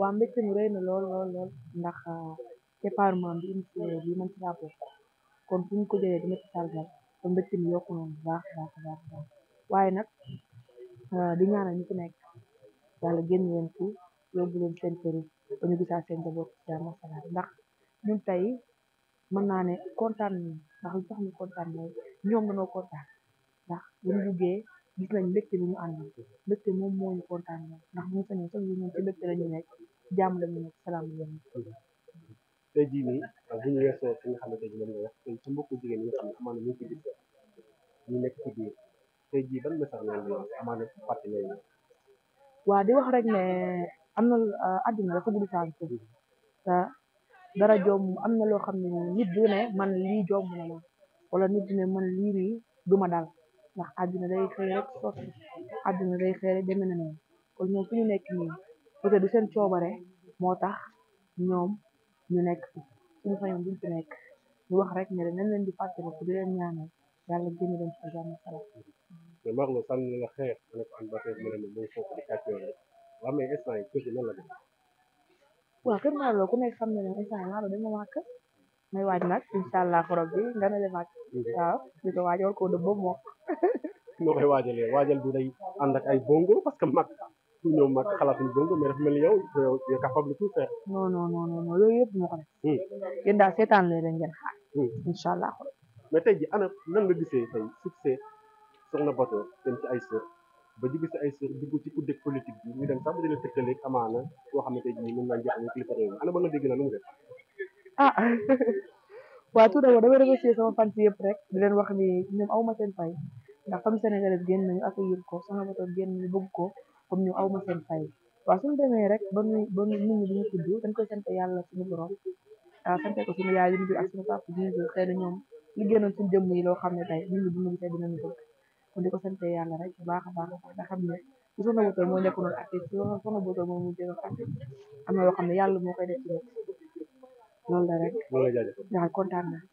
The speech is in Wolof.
waa mbégte mi na lool lool ndax keppaaru maam bi émission bi man kon fu ñu ko jëlee dina ci sargal ba mbégte mi yokku na bu baax baax baax baax waaye nag euh, di ñaanal ñu ci nekk yàlla génn leen ci yóbbu leen seen kër ba ñu gisaa seen njaboot ndax ñun tey mën naa ne kontaan nañu ndax lu tax ñu kontaan mooy ñoom dañoo kontaan ndax bu ñu gis nañ mbégte bi mu àndal mbégte moom moo ñu kontaan ndax bu ñu sañoon sax ñun ci mbégte la ñu nekk jàmm la ñu nekk salaam la ñu nekk. tey jii nii bu ñu waa di wax rek ne am na ah, àddina dafa gudd saa te dara jomb am na loo xam ne nit du ne man lii jomb na la wala nit du ne man lii nii du ma ndax àdduna day xëy rek sotti àdduna day xëy rek demee na noonu kon fi ñu nekk nii peut être du seen coobare moo tax ñoom ñu nekk fi suñu fayoon duñ fi nekk ñu wax rek ne nañ leen di fàttali ko di leen ñaanal yàlla génn leen ci jàmm salaam. mais Marlo nga sànni na la xeex nga ne ko ànd ba tey mu ne la instant yi kër gi nan la demee. muy waaj nag incha allahu rabbi nga ne mag waaw di ko waaj war koo dëbb ba mu mokk. noo koy waajalee waajal bi day ànd ak ay bongo parce que mag su ñëw mag xalaatuñ bongo mais dafa mel ni yow yow capable tout faire. non non non non loolu yëpp moo ko hmm. la leen ngeen xaar. Hmm. incha allahu rabbi. mais tey ji ana nan nga gisee tey succès Soxna Bator dem ci ay sër ba ji gis ay sër dugg ci uddeg politique bi ñu dem sax mu dina tëkkaleeg amaana koo xamante ni mën naa jeexal ak li ko réew ba nga dégg na ah waaw tout d'abord dama remercier sama fans yëpp rek di leen wax ni ñoom awma seen fay ndax famille sénégalaise génn nañu accueillir ko sama moto génn ñu bëgg ko comme ñu awma seen fay waaw suñu demee rek ba nuy ba nit ñi duñu tudd dañ koy sant yàlla suñu borom ah sant ko suñu yaay yuñu jur ak na ñoom liggéey nañ suñu loo xam ne tey nit ñi dund bi tey dinañu bëgg kon di yàlla rek baax a baax a baax nga xam ne moo nekk noonu artiste su soxna botool moo mujjee yàlla moo koy def ci nit loolu la rek. loolu la jaajëfal